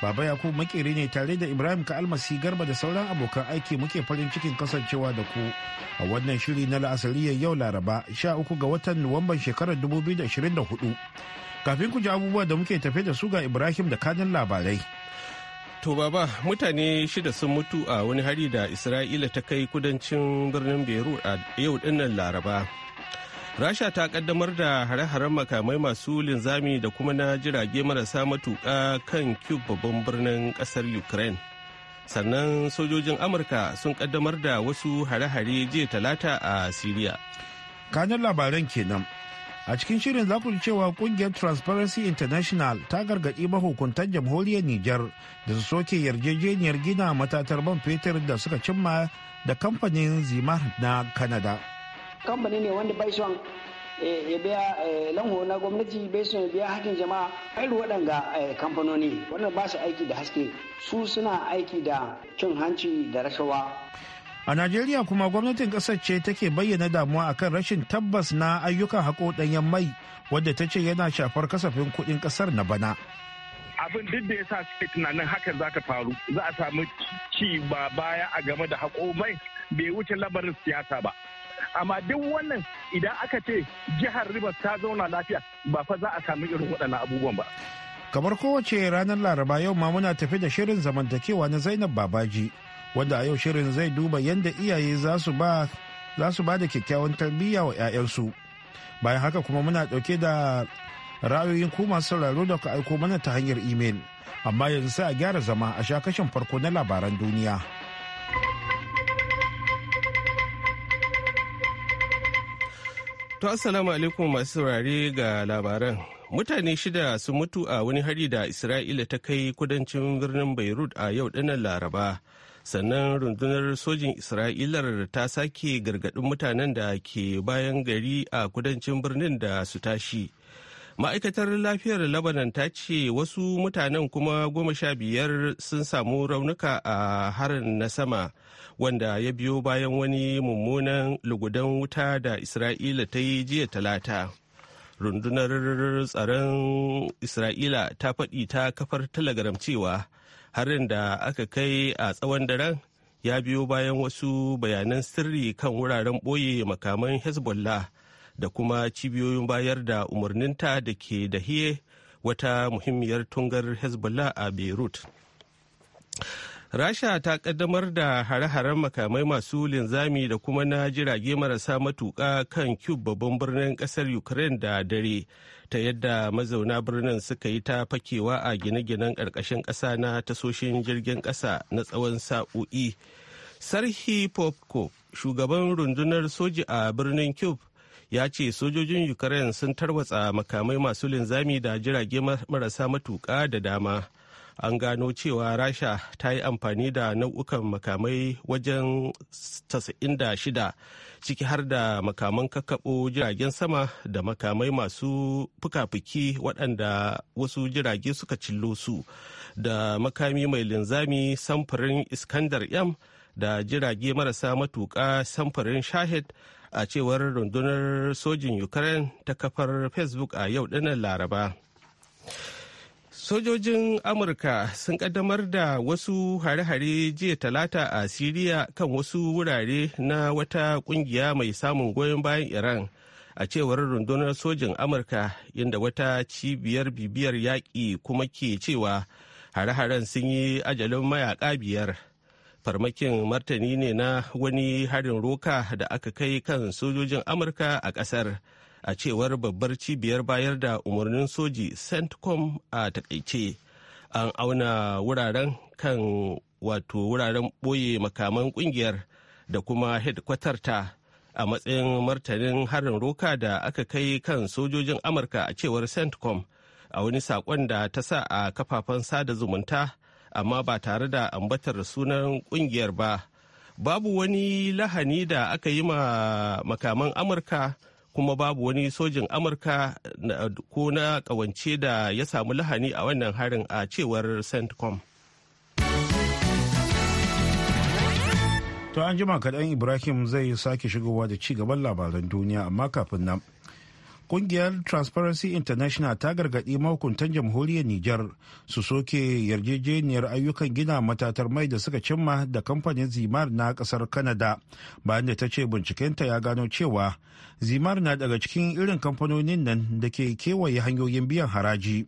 Baba Yakubu makeri ne tare da Ibrahim Ka'almasi Garba da sauran abokan aiki muke farin cikin kasancewa da ku a wannan shiri na la'asariyar yau Laraba 13 ga watan Nuwamban shekarar 2024. Kafin ku ji abubuwa da muke tafe da su ga Ibrahim da kanin labarai. To baba mutane shida sun mutu a wani hari da Isra'ila ta kai kudancin birnin Beirut a yau dinnan Laraba. rasha ta kaddamar da hare-haren makamai masu linzami da kuma na jirage marasa matuka kan cube babban birnin kasar ukraine sannan sojojin amurka sun kaddamar da wasu hare-hare jiya talata a syria kanin labaran kenan a cikin shirin za ku cewa kungiyar transparency international ta gargaɗi mahukuntan jamhuriyar niger da su soke yarjejeniyar gina matatar man fetur da suka cimma da kamfanin zimar na canada kamfani ne wanda bai son eh, ya biya eh, lanho na gwamnati bai son ya biya hakin jama'a irin waɗanga eh, kamfanoni wannan ba su aiki da haske su suna aiki da cin hanci da rashawa a najeriya kuma gwamnatin ƙasar ce take bayyana damuwa akan rashin tabbas na ayyukan hako ɗanyen mai wadda ta ce yana shafar kasafin kuɗin ƙasar na bana abin duk da ya sa suke tunanin hakan za ta faru za a samu ci ba baya a game da haƙo mai bai wuce labarin siyasa ba amma duk wannan idan aka ce jihar rivers ta zauna lafiya ba fa za a samu irin waɗannan abubuwan ba kamar kowace ranar laraba yau ma muna tafi da shirin zamantakewa na zainab babaji wanda a yau shirin zai duba yadda iyaye za su ba da kyakkyawan tarbiyya wa 'ya'yansu bayan haka kuma muna ɗauke da ra'ayoyin ku masu sauraro da ka aiko mana ta hanyar imel amma yanzu sai a gyara zama a sha kashin farko na labaran duniya. To assalamu alaikum masu saurare ga labaran. Mutane shida sun mutu a wani hari da Isra'ila ta kai kudancin birnin Beirut a yau dinnan Laraba. Sannan rundunar sojin Isra'ilar ta sake gargadin mutanen da ke bayan gari a kudancin birnin da su tashi. ma'aikatar lafiyar Labanan ta ce wasu mutanen kuma goma sha biyar sun samu raunuka a harin na sama wanda ya biyo bayan wani mummunan lugudan wuta da isra'ila ta yi jiya talata rundunar tsaron isra'ila ta faɗi ta kafar telegram cewa harin da aka kai a tsawon daren ya biyo bayan wasu bayanan sirri kan wuraren ɓoye makaman hezbollah da kuma cibiyoyin bayar da umarninta da ke da hiye wata muhimmiyar tungar hezbollah a beirut rasha ta kaddamar da hare-haren makamai masu linzami da kuma na jirage marasa matuka kan cube babban birnin kasar ukraine da dare ta yadda mazauna birnin suka yi ta fakewa a gine-ginen ƙarƙashin ƙasa na tasoshin jirgin ƙasa na tsawon sa'o'i sarhi popko shugaban rundunar soji a birnin cube ya ce sojojin ukraine sun tarwatsa makamai masu linzami da jirage marasa matuka da dama an gano cewa rasha ta yi amfani da nau'ukan makamai wajen 96 ciki har da makaman kakkaɓo jiragen sama da makamai masu fuka-fuki waɗanda wasu jirage suka cillo su da makami mai linzami samfurin iskandar m da jirage marasa matuka samfurin shahid a cewar rundunar sojin ukraine ta kafar facebook a yau dinnan laraba sojojin amurka sun kaddamar da wasu hare-hare jiya talata a siriya kan wasu wurare na wata kungiya mai samun goyon bayan iran a cewar rundunar sojin amurka inda wata cibiyar bibiyar yaƙi kuma ke cewa hare-haren sun yi ajalin mayaƙa biyar farmakin martani ne na wani harin roka da aka kai kan sojojin amurka a kasar a cewar babbar cibiyar bayar da umarnin soji centcom a takaice an auna wuraren kan wato wuraren boye makaman ƙungiyar da kuma hedkwatarta a matsayin martanin harin roka da aka kai kan sojojin amurka a cewar centcom a wani saƙon da ta sa a kafafen sada zumunta amma ba tare da ambatar sunan kungiyar ba babu wani lahani da aka yi ma makaman amurka kuma babu wani sojin amurka ko na kawance da ya samu lahani a wannan harin a cewar centcom to an jima kaɗan ibrahim zai sake shigowa da ci gaban labaran duniya amma kafin nan Kungiyar Transparency International ta gargaɗi mahukuntan jamhuriyar Nijar su soke yarjejeniyar ayyukan gina matatar mai da suka cimma da kamfanin Zimar na ƙasar Canada bayan da ta ce bincikenta ya gano cewa Zimar na daga cikin irin kamfanonin nan da ke kewaye hanyoyin biyan haraji.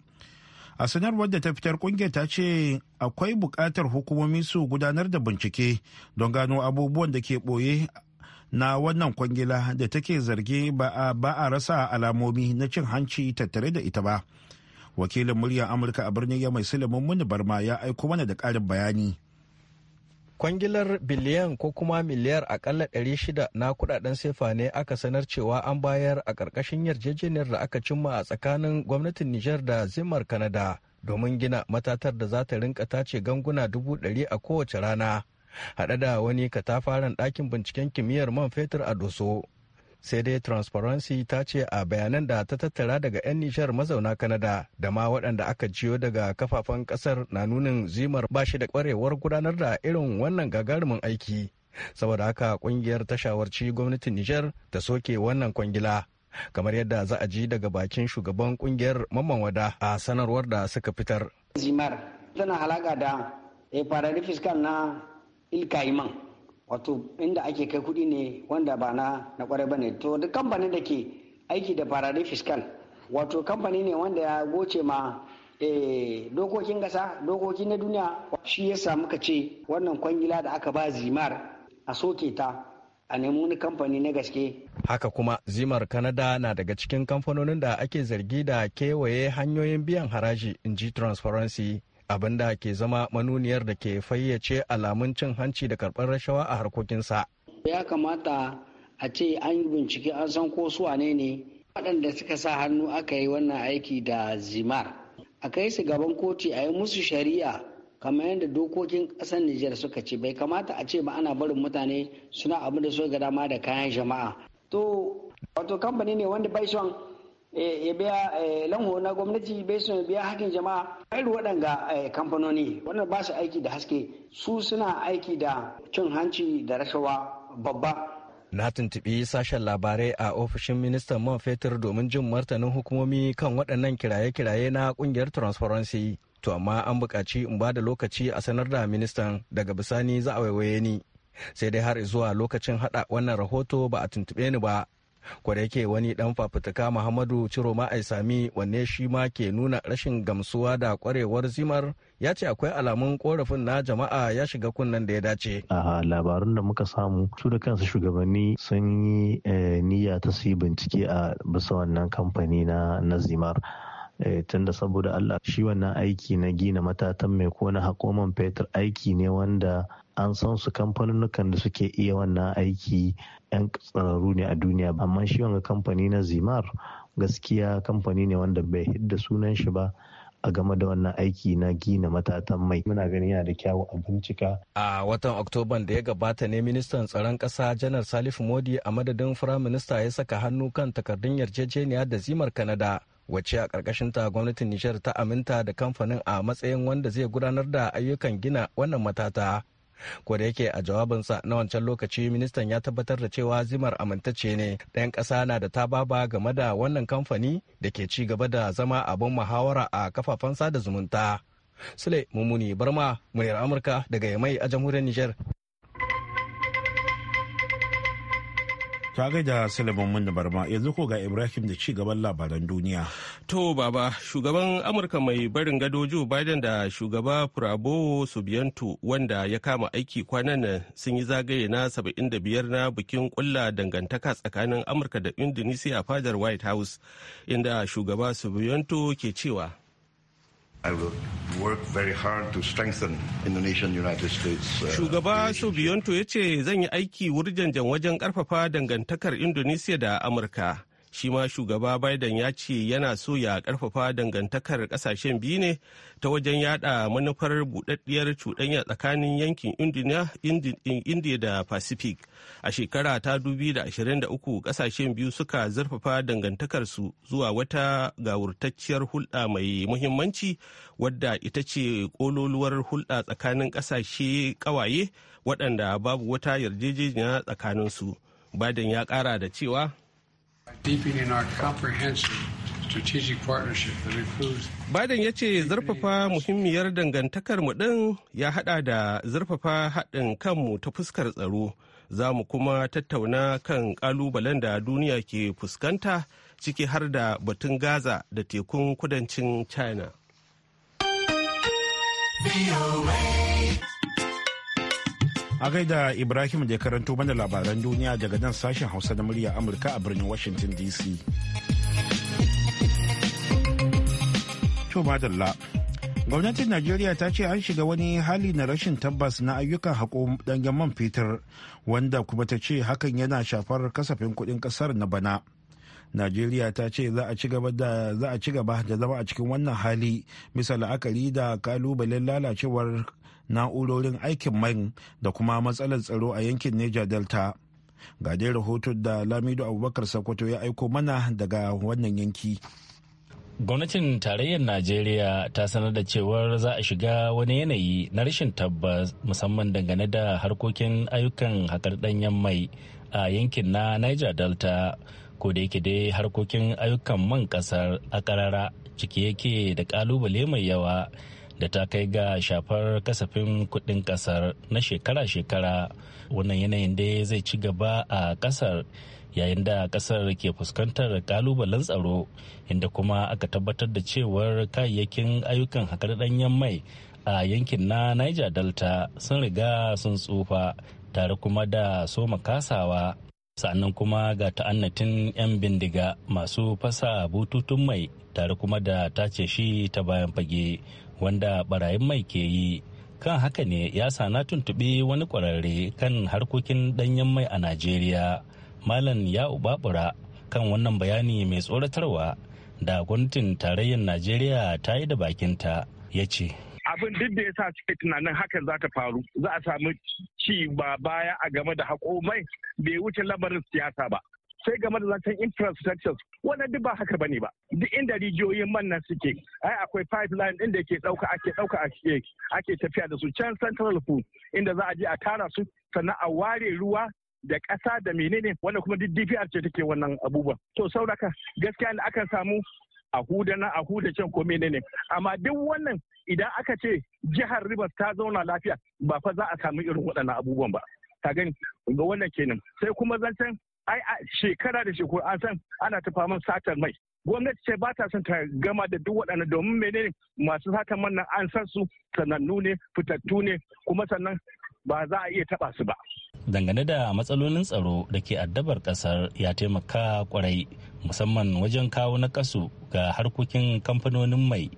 a sanarwar da ta fitar kungiyar ta ce akwai bukatar hukumomi su gudanar da bincike don gano abubuwan da ke boye na wannan kwangila da take zargi ba a rasa alamomi na cin hanci tattare da ita ba wakilin muryar amurka a birnin ya mai silimin muni barma ya aiko mana da ƙarin bayani kwangilar biliyan ko kuma miliyar akalla 600 na kudaden sefa ne aka sanar cewa an bayar a ƙarƙashin yarjejeniyar da aka cimma a tsakanin gwamnatin Nijar da zimmar Kanada domin gina matatar da za ta rinka tace ganguna dubu ɗari a kowace rana haɗe da wani katafaren ɗakin binciken kimiyyar man fetur a doso sai dai transparency ta ce a bayanan da ta tattara daga 'yan nishar mazauna kanada da ma waɗanda aka jiyo daga kafafen ƙasar na nunin zimar ba shi da kwarewar gudanar da irin wannan gagarumin aiki saboda haka ƙungiyar ta shawarci gwamnatin nijar ta soke wannan kwangila kamar yadda za a ji daga bakin shugaban kungiyar mamman wada a sanarwar da suka fitar. zimar tana halaka da eh, farari na ilkaiman wato inda ake kai kuɗi ne wanda ba na na kwarai ba ne to duk kamfanin da ke aiki da farare fiskal wato kamfani ne wanda ya goce ma eh, dokokin ƙasa dokoki na duniya shi ya samu ka ce wannan kwangila da aka ba zimar a soke ta a nemi wani kamfani na gaske. Haka kuma zimar Kanada na daga cikin kamfanonin da ake zargi da kewaye hanyoyin biyan haraji in ji Transparency abin da ke zama manuniyar da ke fayyace alamun cin hanci da karbar rashawa a harkokinsa. Ya kamata a ce an yi bincike an san ko su ne ne waɗanda suka sa hannu aka yi wannan aiki da zimar. A kai su gaban koti a yi musu shari'a kamar yadda dokokin ƙasar Nijar suka ce bai kamata a ce ba ana barin mutane suna abin da so ga dama da kayan jama'a. To wato kamfani ne wanda bai son Eh, ya biya eh, lanho na gwamnati bai su biya hakin jama'a irin waɗanga eh, kamfanoni wannan ba su aiki da haske su suna aiki da cin hanci da rashawa babba na tuntuɓi sashen labarai a ofishin ministan man fetur domin jin martanin hukumomi kan waɗannan kiraye-kiraye na ƙungiyar transparency to amma an buƙaci in ba da lokaci a sanar da ministan daga bisani za a waiwaye ni sai dai har zuwa lokacin haɗa wannan rahoto ba a tuntuɓe ni ba kwadake wani dan fafutuka muhammadu ciroma aisami wanne shi ma ke nuna rashin gamsuwa da kwarewar zimar ya ce akwai alamun korafin na jama'a ya shiga kunnen da ya dace a labarun da muka samu su da kansu shugabanni sun yi eh, niyya ta su yi bincike a bisa wannan kamfani na zimar eh, tunda saboda allah shi wannan aiki na gina matatan mai kona hakoman fetur aiki ne wanda an san su kamfanin da suke iya wannan aiki 'yan tsararru ne a duniya amma shi wanga kamfani na zimar gaskiya kamfani ne wanda bai hidda sunan shi ba a game da wannan aiki na gina matatan mai muna ganin yana da kyawu a bincika a watan oktoban da ya gabata ne ministan tsaron Kasa janar salifu modi a madadin firaminista ya saka hannu kan takardun yarjejeniya da zimar kanada wacce a ta gwamnatin nijar ta aminta da kamfanin a matsayin wanda zai gudanar da ayyukan gina wannan matata ko da yake a jawabinsa na wancan lokaci ministan ya tabbatar da cewa zimar amintacce ne ɗayan ƙasa na da ta baba game da wannan kamfani da ke ci gaba da zama abin muhawara a kafafen sada zumunta sule mummuni barma muryar amurka daga yamai a jamhuriyar niger Ta gaida Salaman mun da barma yanzu ko ga Ibrahim da ci gaban labaran duniya. To baba shugaban Amurka mai barin gado Joe Biden da shugaba Prabowo Subianto wanda ya kama aiki kwanan nan sun yi zagaye na 75 na bikin kulla dangantaka tsakanin Amurka da Indonesia fadar White House inda shugaba Subianto ke cewa Uh, Shugaba Subiyonto ya ce zan yi aiki wurjanjan wajen karfafa dangantakar Indonesia da Amurka shi ma shugaba biden ya ce yana so ya karfafa dangantakar kasashen biyu ne ta wajen yada manufar budaddiyar cuɗanya tsakanin yankin india da pacific a shekara ta 2023 kasashen biyu suka zurfafa dangantakarsu zuwa wata gawurtacciyar hulɗa mai muhimmanci wadda ita ce kololuwar hulɗa tsakanin kasashe kawaye waɗanda babu wata yarjejeniya tsakaninsu biden ya ƙara da cewa Biden ya ce zurfafa muhimmiyar dangantakar mu ɗin ya haɗa da zurfafa haɗin kanmu ta fuskar tsaro. Za mu kuma tattauna kan ƙalubalen da duniya ke fuskanta ciki har da batun Gaza da tekun kudancin China. A gaida Ibrahim da ya karanto mana labaran duniya daga nan sashen Hausa na murya Amurka a birnin Washington DC. Gwamnatin Najeriya ta ce an shiga wani hali na rashin tabbas na ayyukan haƙo danyen man fetur wanda kuma ta ce hakan yana shafar kasafin kudin kasar na bana. Najeriya ta ce za a ci gaba da zama a cikin wannan hali bisa la'akari da kalubalen lalacewar na'urorin aikin mai da kuma matsalar tsaro a yankin Niger Delta. Ga dai rahoton da Lamido Abubakar Sokoto ya aiko mana daga wannan yanki. Gwamnatin tarayyar Najeriya ta sanar da cewar za a shiga wani yanayi na rashin tabbas musamman dangane da harkokin ayyukan hakar ɗanyen mai a yankin na Niger Delta. ko da yake dai harkokin ayyukan man ƙasar a karara ciki yake da kalubale mai yawa da ta kai ga shafar kasafin kudin kasar na shekara-shekara wannan yanayin dai zai ci gaba a kasar yayin da kasar ke fuskantar kalubalen tsaro inda kuma aka tabbatar da cewar kayayyakin ayyukan haƙar ɗanyen mai a yankin na niger delta sun riga sun tsufa tare kuma da soma kasawa sannan kuma ga ta'annatin 'yan bindiga masu fasa bututun mai tare kuma da tace shi ta bayan fage wanda barayin mai ke yi kan haka ne ya sa na tuntuɓi wani ƙwararre kan harkokin ɗanyen mai a najeriya malam ya ubabura kan wannan bayani mai tsoratarwa da gwamnatin tarayyar najeriya ta yi da bakinta ya ce abin duk da ya sa suke tunanin hakan za ta faru za a samu ci ba baya a game da haƙo mai bai wuce lamarin siyasa ba sai game da zancen infrastructures wannan duk ba haka bane ba duk inda rijiyoyin man nan suke ai akwai pipeline inda yake dauka ake dauka ake tafiya da su can central pool inda za a je a tara su sannan a ware ruwa da ƙasa da menene wanda kuma duk DPR ce take wannan abubuwan to sauraka gaskiya da akan samu a huda na a huda can ko menene amma duk wannan idan aka ce jihar Rivers ta zauna lafiya ba fa za a samu irin waɗannan abubuwan ba ka gani ga wannan kenan sai kuma zancen ai shekara da shekaru an san ana ta faman satar mai gwamnati ce ba ta son ta gama da duk waɗanda domin menene masu satar man nan an san su sanannu ne fitattu ne kuma sannan ba za a iya taɓa su ba dangane da matsalolin tsaro da ke addabar kasar ya taimaka kwarai musamman wajen kawo nakasu ga harkokin kamfanonin mai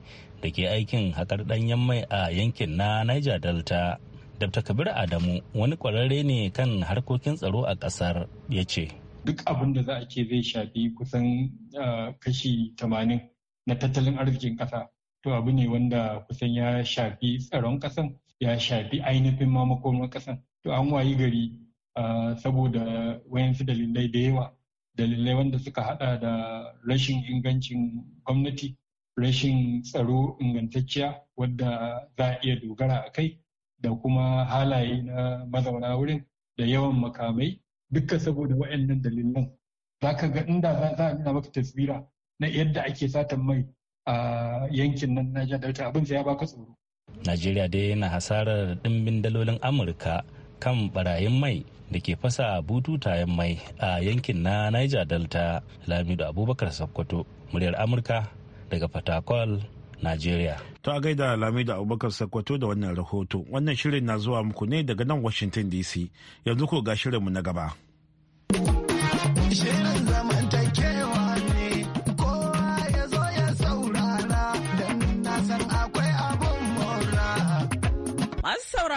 da ke aikin haƙar ɗanyen mai a yankin na niger delta Dr. Kabir Adamu wani kwararre ne kan harkokin tsaro a ƙasar ya ce. Duk abin da za a ce zai shafi kusan ah, kashi tamanin na tattalin arzikin ƙasa. To abu ne wanda kusan ya shafi tsaron ƙasan, ya shafi ainihin mamakon ƙasan. To an wayi gari ah, saboda wayansu dalilai da yawa. Dalilai wanda suka hada da rashin ingancin gwamnati, rashin tsaro ingantacciya wadda za a iya dogara a kai. da kuma halaye na mazauna wurin da yawan makamai dukka saboda waɗannan dalilan za ka ga inda za a nuna maka taswira na yadda ake satan mai a yankin nan Niger Delta abin ya baka tsoro. Najeriya dai yana hasarar dimbin dalolin Amurka kan barayin mai da ke fasa bututayen mai a yankin na Niger Delta Lamido Abubakar Sokoto muryar Amurka daga Fatakwal Najeriya. Ta gaida da Abubakar Sakwato da wannan rahoto. Wannan shirin na zuwa muku ne daga nan Washington DC. Yanzu ko ga shirinmu na gaba.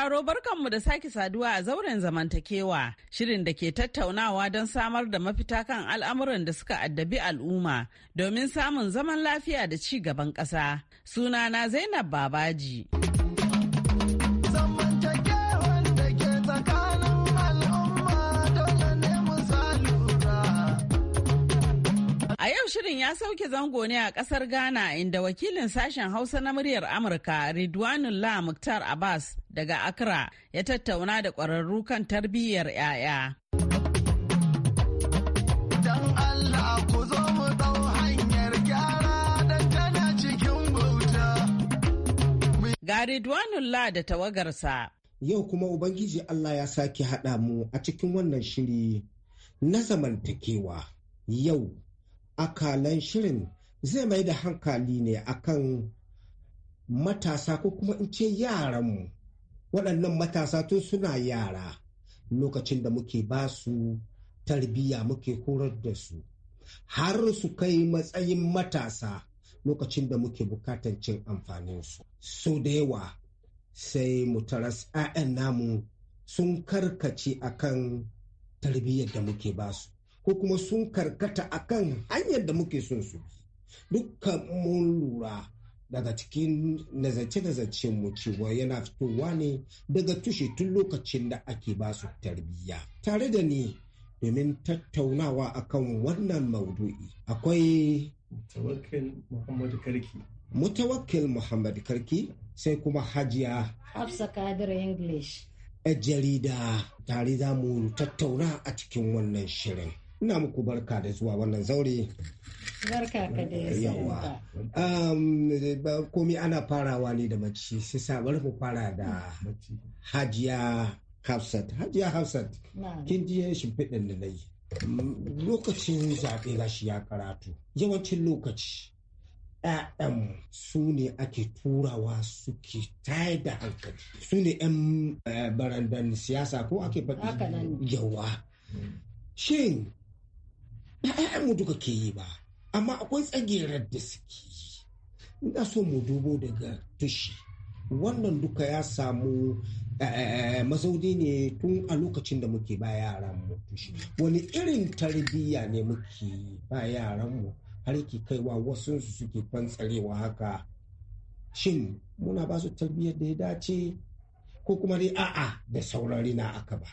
sauraro barkanmu da sake saduwa a zauren zamantakewa shirin da ke tattaunawa don samar da mafita kan al'amuran da suka addabi al'umma domin samun zaman lafiya da ci gaban ƙasa. Sunana Zainab Babaji. yau shirin ya sauke zango ne a kasar Ghana inda wakilin sashen Hausa na muryar Amurka Ridwanullah Muktar Abbas daga Accra ya tattauna da ƙwararru kan tarbiyyar 'ya'ya. Ga Ridwanullah da tawagarsa. Yau kuma Ubangiji Allah ya sake haɗa mu a cikin wannan shiri na zamantakewa. Yau, akalan shirin zai mai da hankali ne akan matasa ko kuma in ce yaranmu waɗannan matasa tun suna yara lokacin da muke ba su tarbiyya muke horar da su har su kai matsayin matasa lokacin da muke bukatan cin amfaninsu so da yawa sai mu taras 'ya'yan namu sun karkace akan tarbiyyar da muke ba su ko kuma sun karkata akan hanyar da muke son su dukkan mun lura daga cikin nazarce-nazarcenmu cewa yana fitowa ne daga tushe tun lokacin da ake ba su tarbiyya. Tare da ni domin tattaunawa akan wannan maudu'i akwai mutawakil Muhammadu Karki. sai kuma Hajiya. Hafsa Kadir English. jarida tare za mu tattauna a cikin wannan shirin. ina muku barka da zuwa wannan zaure um, komi ana farawa ne da mace sai sabar mu fara da hajiya hafsat hajiya hafsat kin ji shimfiɗin da na lokacin zaɓe gashi ya karatu yawancin lokaci ‘ya'yan su ne ake turawa suke tayar da hankali su ne ‘yan eh, barandan siyasa ko ake faɗi yawa shin ba mu duka ke yi ba amma akwai tsagerar da suke ina so mu dubo daga tushe wannan duka ya samu eh, mazauni ne tun a lokacin da muke ba yaranmu tushe wani irin tarbiyya ne muke ba yaranmu har ke kaiwa wasu suke fantsarewa haka shin muna ba su tarbiyyar da ya dace ko kuma dai a'a da saurari na aka ba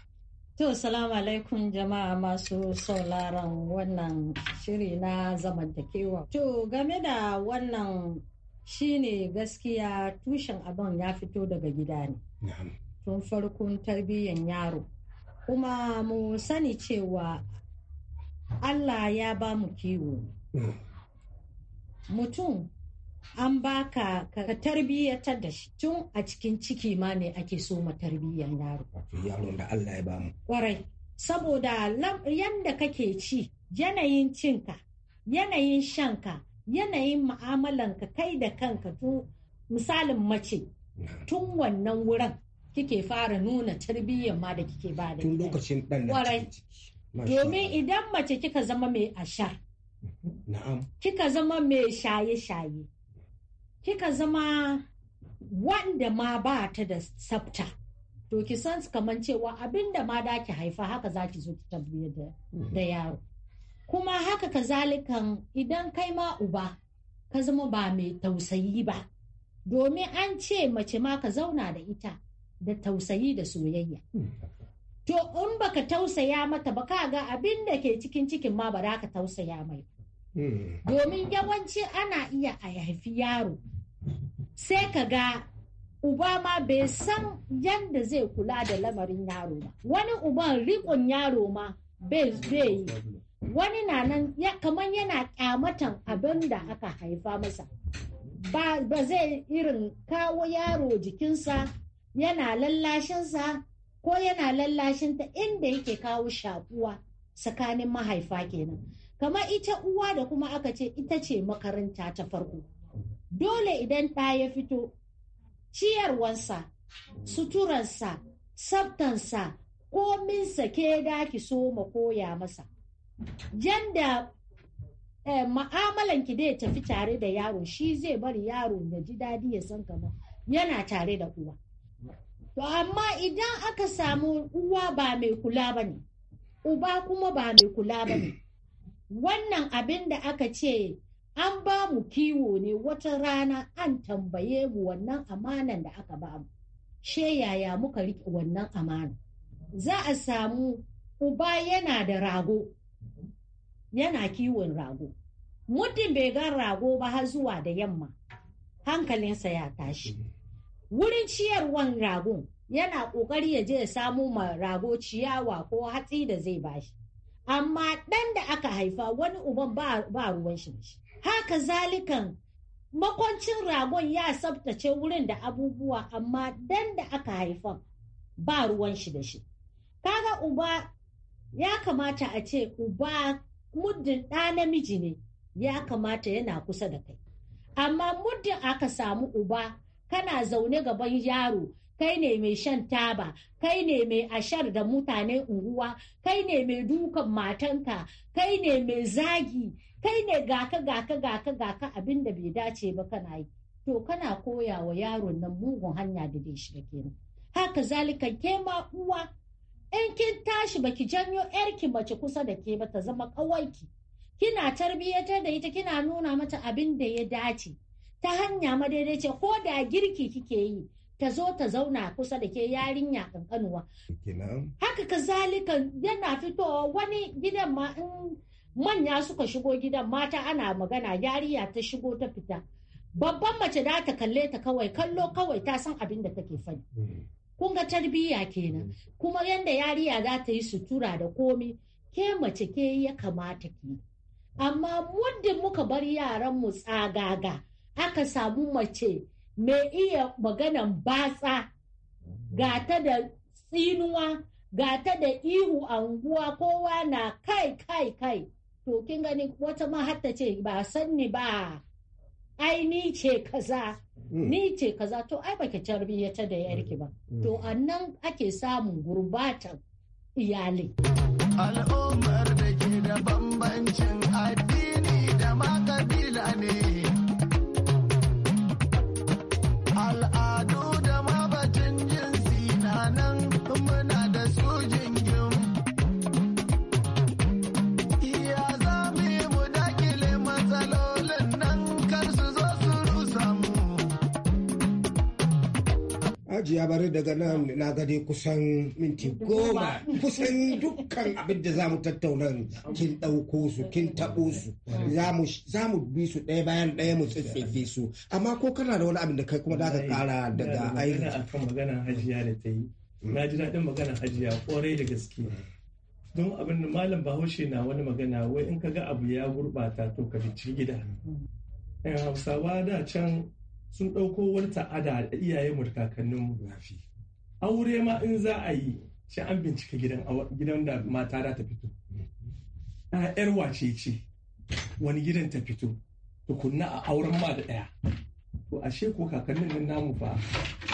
To, salamu alaikum jama'a masu sauraron wannan shiri na zamantakewa. To, game da wannan shine gaskiya tushen abin ya fito daga gida ne. Tun farkon tarbiyyan yaro. Kuma mu sani cewa Allah ya ba mu kiwo. Mm. Mutum an baka ka tarbiyyatar da shi tun a cikin ciki ma ne ake so ma tarbiyyar yaro yaron da Allah ya ba mu kwarai saboda yanda kake ci yanayin cinka yanayin shanka yanayin mu'amalanka kai da kanka to misalin mace tun wannan wurin kike fara nuna tarbiyyar ma da kike ba da tun lokacin dan kwarai domin idan mace kika zama mai ashar kika zama mai shaye-shaye kika zama wanda ma ba ta da sabta to ki san kamar cewa abin da ma da ki haifa haka za ki zo ki tabbiyar da mhm. yaro kuma haka ka kazalikan idan kai ma uba ka zama ba mai tausayi ba domin an ce mace ma ka zauna da ita da tausayi da soyayya hmm. to in baka tausaya mata ba ka ga abin da ke cikin cikin ma ba za ka tausaya mai hmm. domin yawanci ana iya a haifi yaro sai ka ga uba ma bai san yadda zai kula da lamarin yaro ba wani uban rikon yaro ma bai yi wani na nan kamar yana kyamatan abin da aka haifa masa ba zai irin kawo yaro jikinsa yana lallashinsa ko yana ta inda yake kawo shakuwa tsakanin mahaifa kenan kamar ita uwa da kuma aka ce ita ce makaranta ta farko Dole idan ta ya fito, ciyarwansa, suturansa, tsaftansa, kominsa ke daki so ma koya masa. da eh, ma'amalan ki dai tafi tare da yaro shi zai bari yaro ya ji dadi ya san kama, yana tare da uwa. To amma idan aka samu uwa ba mai kula ba ne, uba kuma ba mai kula ba ne. Wannan abin da aka ce an ba mu kiwo ne wata rana an tambaye mu wannan amanan da aka ba mu she yaya muka riƙe wannan amana za a samu uba yana da rago yana kiwon rago muddin bai gan rago ba har zuwa da yamma hankalinsa ya tashi wurin ciyarwan ragon yana ƙoƙari ya je ya samu ma rago ciyawa ko hatsi da zai bashi amma ɗan da aka haifa wani uban ba ruwan shi haka zalikan makwancin ragon ya tsabtace wurin da abubuwa amma dan da aka haifan ba ruwan shi da shi kaga uba ya kamata a ce uba muddin ɗa namiji ne ya kamata yana kusa da kai amma muddin aka samu uba kana zaune gaban yaro kai ne mai shan taba kai ne mai ashar da mutane unguwa kai ne mai dukan matanka kai ne mai zagi kai ne gaka gaka gaka gaka abin da bai dace ba kana yi to kana koya wa yaron nan mugun hanya da dai shiga kenan haka zalika ke ma uwa in kin tashi baki janyo yarki mace kusa da ke ba ta zama kawaiki. kina tarbiyyatar da ita kina nuna mata abin da ya dace ta hanya madaidaice ko da girki kike yi ta zo ta zauna kusa da ke yarinya kankanuwa. Haka ka zalika yana fitowa wani gidan ma in manya suka shigo gidan mata ana magana yariya ta shigo ta fita. Babban mace da ta kalle ta kawai kallo kawai ta san abin da take faɗi mm. Kun ga tarbiyya kenan mm. kuma yadda yariya za ta yi sutura da komi ke mace ke ya kamata ki. Amma muddin muka bar yaran mu tsagaga aka samu mace mai iya maganan batsa ga mm. ta da tsinuwa ga ta da ihu anguwa kowa na kai kai kai to kin gani wata ma hatta ce ba san ni ba ai ni ce kaza mm. ni ce kaza to ai baki ta da yarki ba mm. to annan ake samun gurbatan iyali. al'ummar da ke da bambancin Hajiya bari daga nan na gade kusan minti goma kusan dukkan abin da za mu tattauna kin ɗauko su kin taɓo su za mu bi su ɗaya bayan ɗaya mu tsitsefe su amma ko kana da wani abin da kai kuma za ka ƙara daga aiki. da ji daɗin magana hajiya ƙwarai da gaske. Don abin da malam bahaushe na wani magana wai in ka ga abu ya gurɓata to ka bi gida. Eh, Hausawa da can sun ɗauko wani ta'ada da mu da kakanninmu. Aure ma in za a yi shi an bincika gidan da mata da ta fito. ‘Yar wace ce wani gidan ta fito tukunna a auren ma da ɗaya. To ashe ko kakannin nan namu fa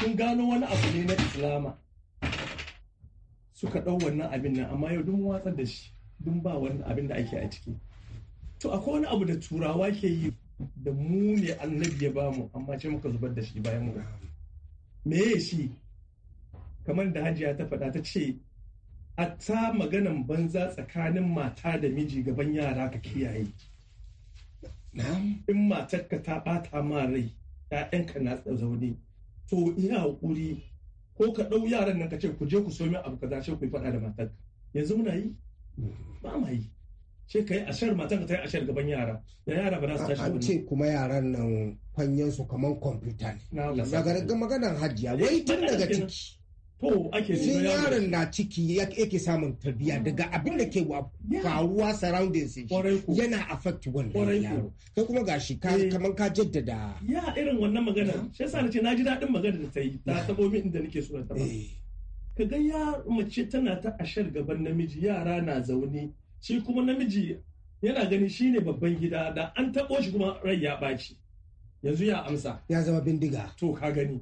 sun gano wani abu ne na Islama. Suka ɗau wannan abin nan amma yau dun watsar da shi dun ba wani abin da ake a ciki. To akwai wani abu da turawa ke yi da mu ne annabi ya ba mu, amma ce muka zubar da shi bayan mu meye shi kamar da hajiya ta faɗa ta ce a ta maganan banza tsakanin mata da miji gaban yara ka kiyaye in matarka ta ɓata ma rai ‘ya'yanka na zaune to ina haƙuri ko ka ɗau yaran nan ka ce ku je ku so min abu za shi ku faɗa da matarka yanzu muna yi mm. ba ma yi sai ka yi ashar mata ka ta yi ashar gaban yara da yara ba za su tashi an ce kuma yaran nan kwanyen su kaman kwamfuta ne daga maganar hajiya wai tun daga ciki To ake Sun yaran na ciki yake samun tarbiyya ah, daga abin da ke faruwa surroundings shi yana affect wannan yaro. Kai kuma gashi kamar eh. ka jaddada. Ya irin wannan magana. Shi yasa nace na ji daɗin magana da ta yi ta tabo min inda nake so ta. Eh. Ka ga ya mace tana ta ashar gaban namiji yara na zaune shi kuma namiji yana gani shi ne babban gida da an taɓo shi kuma rai ya ɓaci yanzu ya amsa ya zama bindiga to ka gani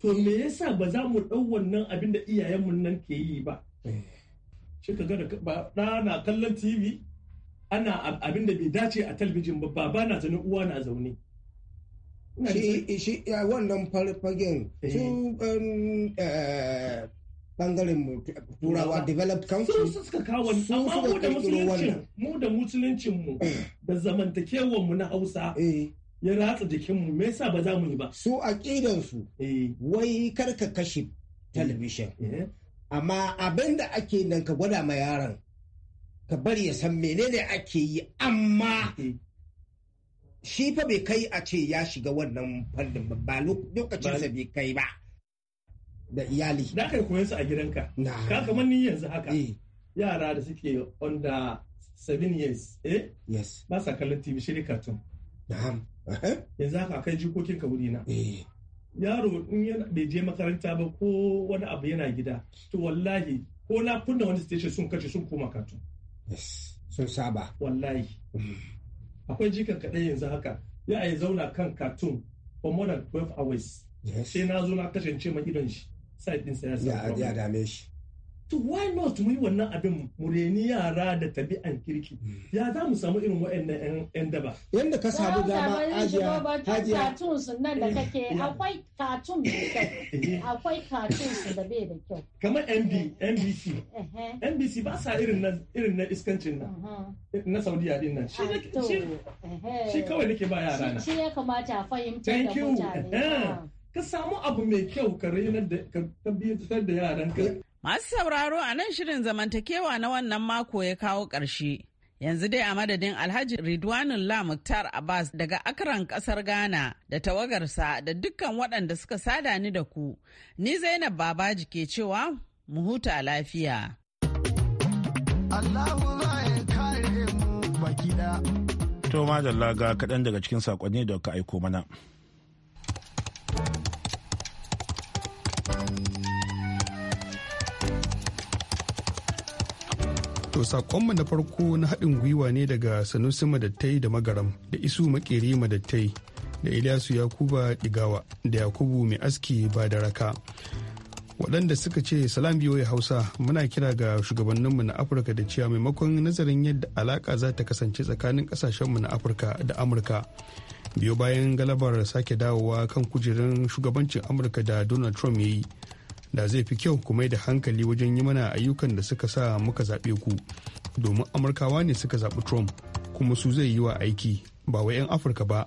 to me yasa ba za mu ɗau wannan abin da iyayenmu nan ke yi ba eh. shi ka ba ɗa na kallon tv ana abin da bai dace a talbijin ba baba na zaune uwa na zaune shi wannan fagen eh. sun um, eh, bangaren turawa developed country su suka kawo amma da musuluncin mu da musuluncin mu eh. da zamantakewar mu na Hausa eh. ya ratsa jikin mu me yasa ba za mu yi ba su aqidan su eh. wai karka kashe television amma abin da ake nan ka gwada ma yaron ka bari ya san menene ake yi amma shi fa bai kai a ce ya shiga wannan fannin ba lokacinsa bai kai ba da iyali da kai koyi su a gidanka ka kamar ni yanzu haka eh. yara da suke under seven years eh yes ba sa kallon tv shi ne cartoon na'am yanzu haka kai jikokin ka wuri na eh. yaro in yana bai je makaranta ba ko wani abu yana gida to wallahi ko na kunna wani station sun kace sun koma cartoon yes sun saba wallahi mm. akwai jikan kaɗai yanzu haka ya a zauna kan cartoon for more than 12 hours sai na zo na kasance mai idon shi side ɗinsa ya samu ya dame shi to why not mu yi wannan abin mu reni yara da tabi'an kirki hmm. ya za mu samu irin waɗannan yan daba yanda ka samu dama ajiya hajiya katun su nan da kake akwai katun da eh. akwai katun su da bai da kyau kamar MB MBC MBC ba sa irin na irin na iskancin nan na Saudiya din nan shi shi kawai nake ba yara na shi ya kamata a fahimta da mutane ka samu abu mai kyau ka rainar da ka tabbatar da yaran ka masu sauraro a nan shirin zamantakewa na wannan mako ya kawo ƙarshe Yanzu dai a madadin Alhaji Ridwanul La Muktar Abbas daga Akran ƙasar Ghana da tawagarsa da dukkan waɗanda suka sada ni da ku. Ni Zainab Babaji ke cewa mu huta lafiya. Allahu da. To ga kaɗan daga cikin saƙonni da ka aiko mana. sakonmu na farko na haɗin gwiwa ne daga sanusi madattai da magaram da isu makeri madattai da iliyasu yakuba digawa da yakubu mai aski ba da raka waɗanda suka ce salam biyoyi hausa muna kira ga shugabanninmu na afirka da cewa maimakon nazarin yadda alaƙa za ta kasance tsakanin ƙasashenmu na afirka da amurka biyo bayan galabar sake dawowa kan kujerun shugabancin amurka da donald trump ya yi da zai fi kyau kuma da hankali wajen yi mana ayyukan da suka sa muka zaɓe ku domin amurkawa ne suka zaɓi trump kuma su zai yi wa aiki ba wa 'yan afirka ba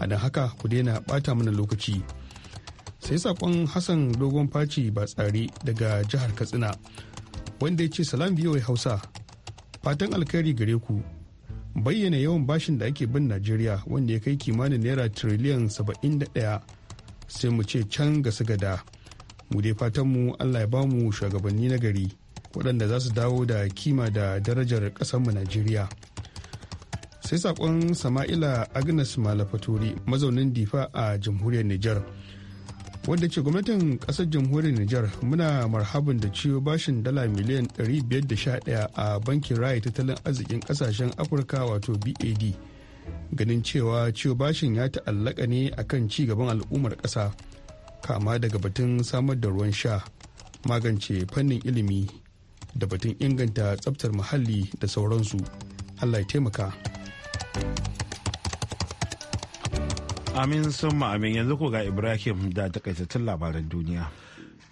a don haka ku daina ɓata mana lokaci sai saƙon hassan dogon faci ba tsare daga jihar katsina wanda ya ce salam biyoyi hausa fatan alkhairi gare ku bayyana yawan bashin da ake bin najeriya wanda ya kai kimanin naira tiriliyan 71 sai mu ce can gasa gada mu dai mu allah ya bamu shugabanni na gari waɗanda za su dawo da kima da darajar ƙasarmu najeriya sai saƙon sama'ila agnes malafaturi mazaunin difa a jamhuriyar niger wadda ce gwamnatin ƙasar jamhuriyar niger muna marhabin da ciwo bashin dala miliyan 511 a bankin raya tattalin arzikin ƙasashen afirka wato bad ganin cewa ciwo bashin ya ta'allaka ne akan ci gaban al'ummar ƙasa kama daga batun samar da ruwan sha magance fannin ilimi da batun inganta tsabtar muhalli da sauransu allah ya taimaka amin sun amin yanzu ko ga ibrahim da takaitattun labaran duniya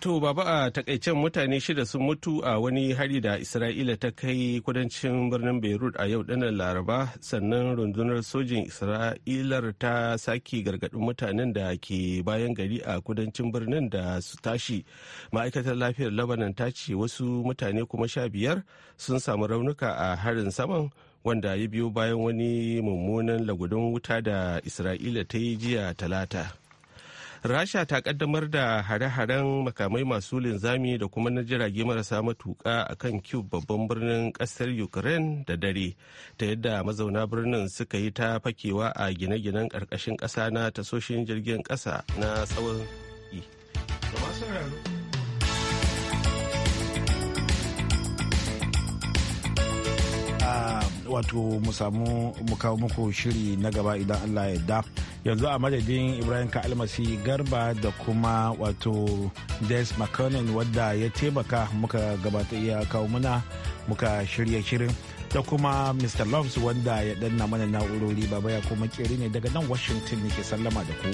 To baba a takaicen mutane shida sun mutu a wani hari da Isra'ila ta kai kudancin birnin Beirut a yau ɗanar Laraba sannan rundunar sojin Isra'ilar ta sake gargaɗin mutanen da ke bayan gari a kudancin birnin da su tashi. Ma'aikatar lafiyar Lebanon ta ce wasu mutane kuma sha biyar sun samu raunuka a harin saman wanda ya biyo bayan wani mummunan lagudin wuta da Isra'ila ta yi jiya talata. rasha ta kaddamar da hare-haren makamai masu linzami da kuma na jirage marasa matuka a kan cube babban birnin kasar ukraine da dare ta yadda mazauna birnin suka yi ta fakewa a gine-ginen karkashin kasa na tasoshin jirgin kasa na tsawon ah, wato mu samu mu kawo muku shiri na gaba idan allah ya da yanzu a madadin ibrahim kalmasi garba da kuma wato des mcconnell wadda ya taimaka muka gabata iya kawo muna muka shirya shirin da kuma mr loves wanda ya danna mana na'urori baba ya kuma kere ne daga nan washington ne ke sallama da ku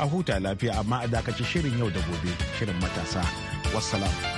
a huta lafiya amma a dakaci shirin yau da gobe shirin matasa wassalam